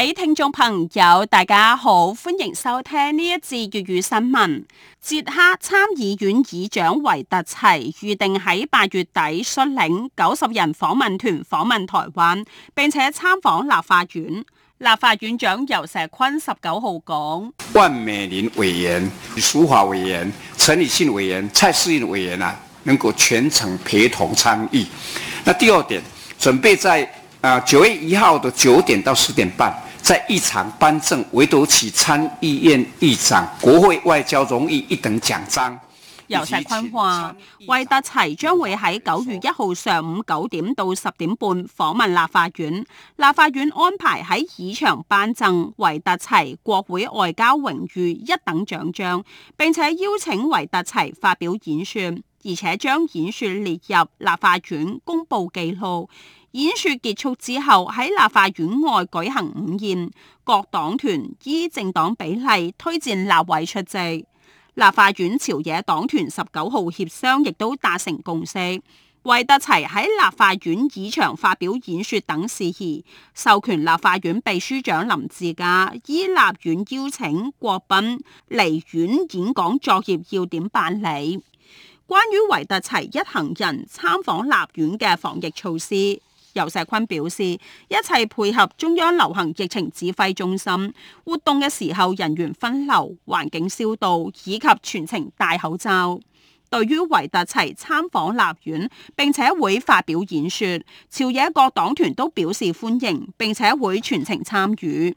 各位聽眾朋友，大家好，歡迎收聽呢一次粵語新聞。捷克參議院議長維特齊預定喺八月底率領九十人訪問團訪問台灣，並且參訪立法院。立法院長游錫堃十九號講，萬美玲委員、蘇華委員、陳以信委員、蔡適應委員啊，能夠全程陪同參與。那第二點，準備在啊九月一號的九點到十點半。在議場頒贈維特齊參議院議長國會外交榮譽一等獎章。游錫堃話，維特齊將會喺九月一號上午九點到十點半訪問立法院。立法院安排喺議場頒贈維特齊國會外交榮譽一等獎章，並且邀請維特齊發表演說，而且將演說列入立法院公布記錄。演說結束之後，喺立法院外舉行午宴，各黨團依政黨比例推薦立委出席。立法院朝野黨團十九號協商亦都達成共識，維特齊喺立法院議場發表演說等事宜，授權立法院秘書長林志嘉，依立院邀請國賓嚟院演講作業要點辦理。關於維特齊一行人參訪立院嘅防疫措施。尤世坤表示，一切配合中央流行疫情指揮中心，活動嘅時候人員分流、環境消毒以及全程戴口罩。對於維特齊參訪立院，並且會發表演說，朝野各黨團都表示歡迎，並且會全程參與。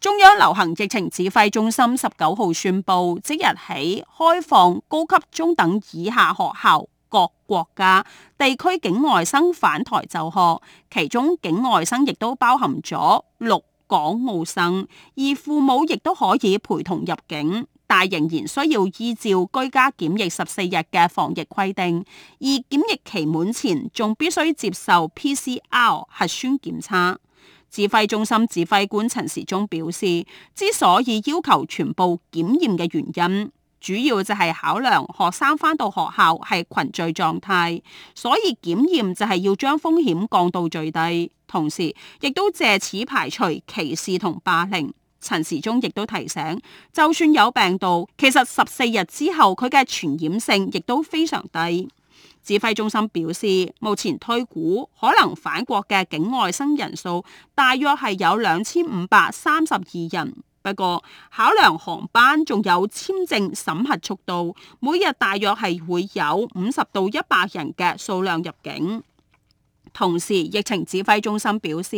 中央流行疫情指揮中心十九號宣布，即日起開放高級中等以下學校。各國家、地區境外生返台就學，其中境外生亦都包含咗陸港澳生，而父母亦都可以陪同入境，但仍然需要依照居家檢疫十四日嘅防疫規定，而檢疫期滿前仲必須接受 PCR 核酸檢測。指揮中心指揮官陳時中表示，之所以要求全部檢驗嘅原因。主要就係考量學生返到學校係群聚狀態，所以檢驗就係要將風險降到最低，同時亦都借此排除歧視同霸凌。陳時中亦都提醒，就算有病毒，其實十四日之後佢嘅傳染性亦都非常低。指揮中心表示，目前推估可能返國嘅境外生人數大約係有兩千五百三十二人。一個考量，航班仲有簽證審核速度，每日大約係會有五十到一百人嘅數量入境。同時，疫情指揮中心表示，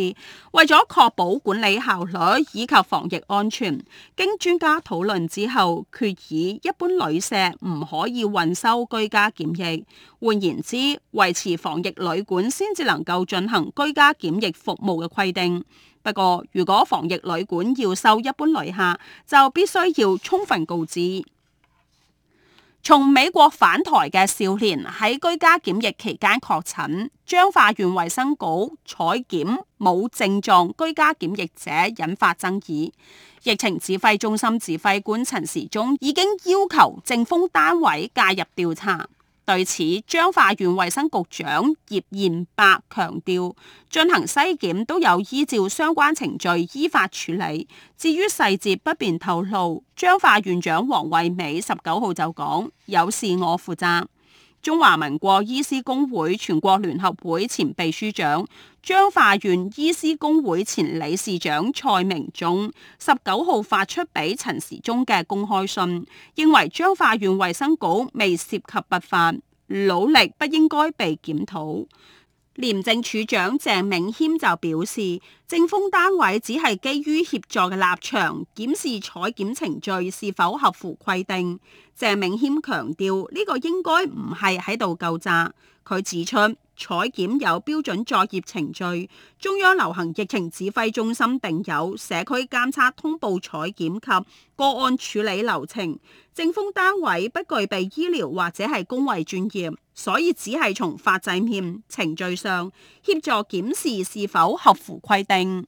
為咗確保管理效率以及防疫安全，經專家討論之後，決議一般旅社唔可以混收居家檢疫。換言之，維持防疫旅館先至能夠進行居家檢疫服務嘅規定。不過，如果防疫旅館要收一般旅客，就必須要充分告知。從美國返台嘅少年喺居家檢疫期間確診，彰化縣衞生局採檢冇症狀居家檢疫者，引發爭議。疫情指揮中心指揮官陳時中已經要求政風單位介入調查。對此，彰化縣衛生局長葉彥伯強調，進行西檢都有依照相關程序依法處理，至於細節不便透露。彰化縣長王惠美十九號就講：有事我負責。中華民國醫師公會全國聯合會前秘書長，彰化縣醫師公會前理事長蔡明忠，十九號發出俾陳時中嘅公開信，認為彰化縣衛生局未涉及不法，努力不應該被檢討。廉政署長鄭銘謙就表示，政風單位只係基於協助嘅立場，檢視採檢程序是否合乎規定。鄭銘謙強調，呢、這個應該唔係喺度究責。佢指出。採檢有標準作業程序，中央流行疫情指揮中心訂有社區監測通報採檢及個案處理流程。政風單位不具備醫療或者係公衛專業，所以只係從法制面程序上協助檢視是否合乎規定。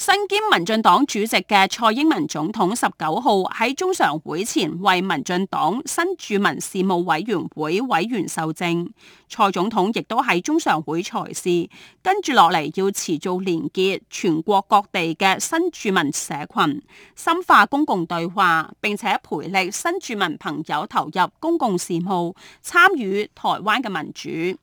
身兼民進黨主席嘅蔡英文總統十九號喺中常會前為民進黨新住民事務委員會委員授證。蔡總統亦都喺中常會裁示，跟住落嚟要持續連結全國各地嘅新住民社群，深化公共對話，並且培力新住民朋友投入公共事務，參與台灣嘅民主。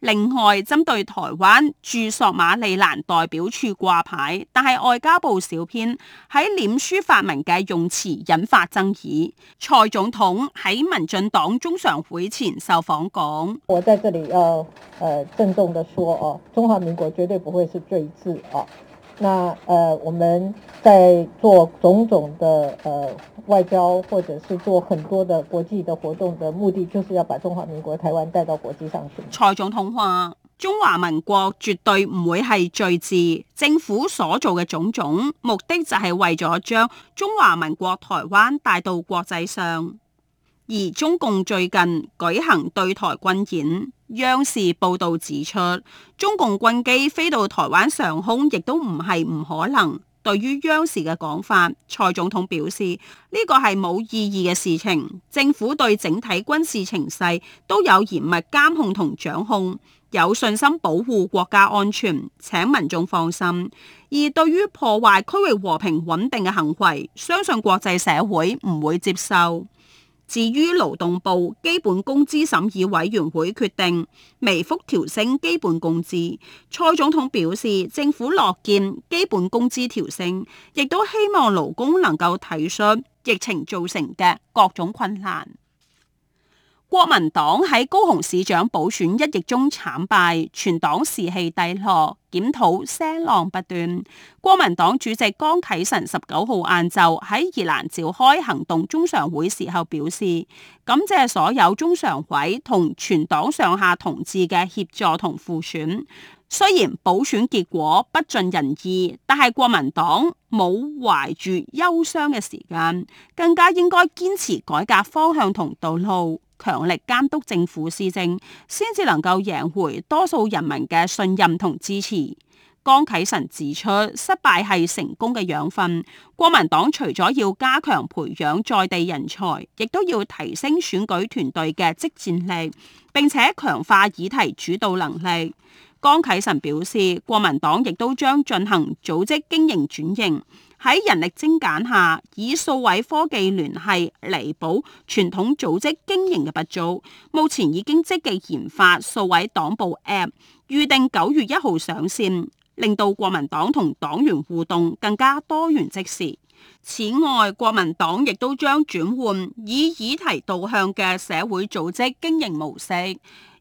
另外，針對台灣駐索馬利蘭代表處掛牌，但係外交部小編喺臉書發文嘅用詞引發爭議。蔡總統喺民進黨中常會前受訪講：我在這裡要，誒、呃，鄭重的說哦，中華民國絕對不會是贅字哦。那，呃，我們在做種種的，呃，外交，或者是做很多的國際的活動的目的，就是要把中華民國台灣帶到國際上去。蔡總統話：中華民國絕對唔會係贅字，政府所做嘅種種目的就係為咗將中華民國台灣帶到國際上。而中共最近舉行對台軍演，央視報導指出，中共軍機飛到台灣上空，亦都唔係唔可能。對於央視嘅講法，蔡總統表示呢個係冇意義嘅事情。政府對整體軍事情勢都有嚴密監控同掌控，有信心保護國家安全，請民眾放心。而對於破壞區域和平穩定嘅行為，相信國際社會唔會接受。至於勞動部基本工資審議委員會決定微幅調升基本工資，蔡總統表示政府樂見基本工資調升，亦都希望勞工能夠體恤疫情造成嘅各種困難。國民黨喺高雄市長補選一役中慘敗，全黨士氣低落，檢討聲浪不斷。國民黨主席江啟臣十九號晏晝喺宜蘭召開行動中常會時候表示，感謝所有中常委同全黨上下同志嘅協助同輔選。雖然補選結果不盡人意，但係國民黨冇懷住憂傷嘅時間，更加應該堅持改革方向同道路。強力監督政府施政，先至能夠贏回多數人民嘅信任同支持。江啟臣指出，失敗係成功嘅養分。國民黨除咗要加強培養在地人才，亦都要提升選舉團隊嘅積戰力，並且強化議題主導能力。江啟臣表示，國民黨亦都將進行組織經營轉型，喺人力精簡下，以數位科技聯繫彌補傳統組織經營嘅不足。目前已經積極研發數位黨部 App，預定九月一號上線，令到國民黨同黨員互動更加多元即時。此外，國民黨亦都將轉換以議題導向嘅社會組織經營模式，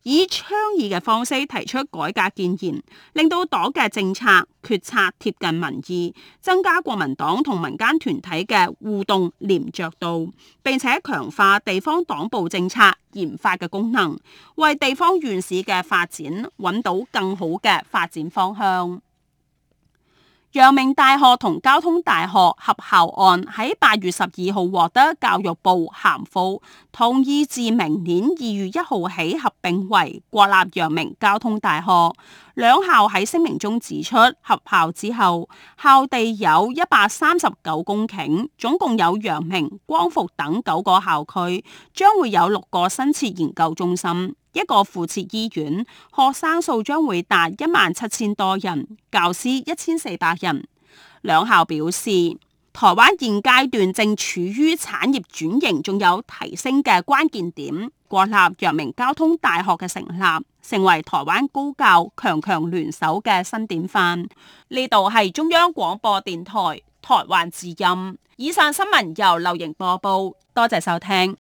以倡議嘅方式提出改革建言，令到黨嘅政策決策貼近民意，增加國民黨同民間團體嘅互動黏着度，並且強化地方黨部政策研發嘅功能，為地方縣市嘅發展搵到更好嘅發展方向。陽明大學同交通大學合校案喺八月十二號獲得教育部函復同意，自明年二月一號起合併為國立陽明交通大學。兩校喺聲明中指出，合校之後校地有一百三十九公頃，總共有陽明、光復等九個校區，將會有六個新設研究中心。一個附設醫院，學生數將會達一萬七千多人，教師一千四百人。兩校表示，台灣現階段正處於產業轉型，仲有提升嘅關鍵點。國立陽明交通大學嘅成立，成為台灣高教強強聯手嘅新典範。呢度係中央廣播電台台灣之音，以上新聞由劉瑩播報，多謝收聽。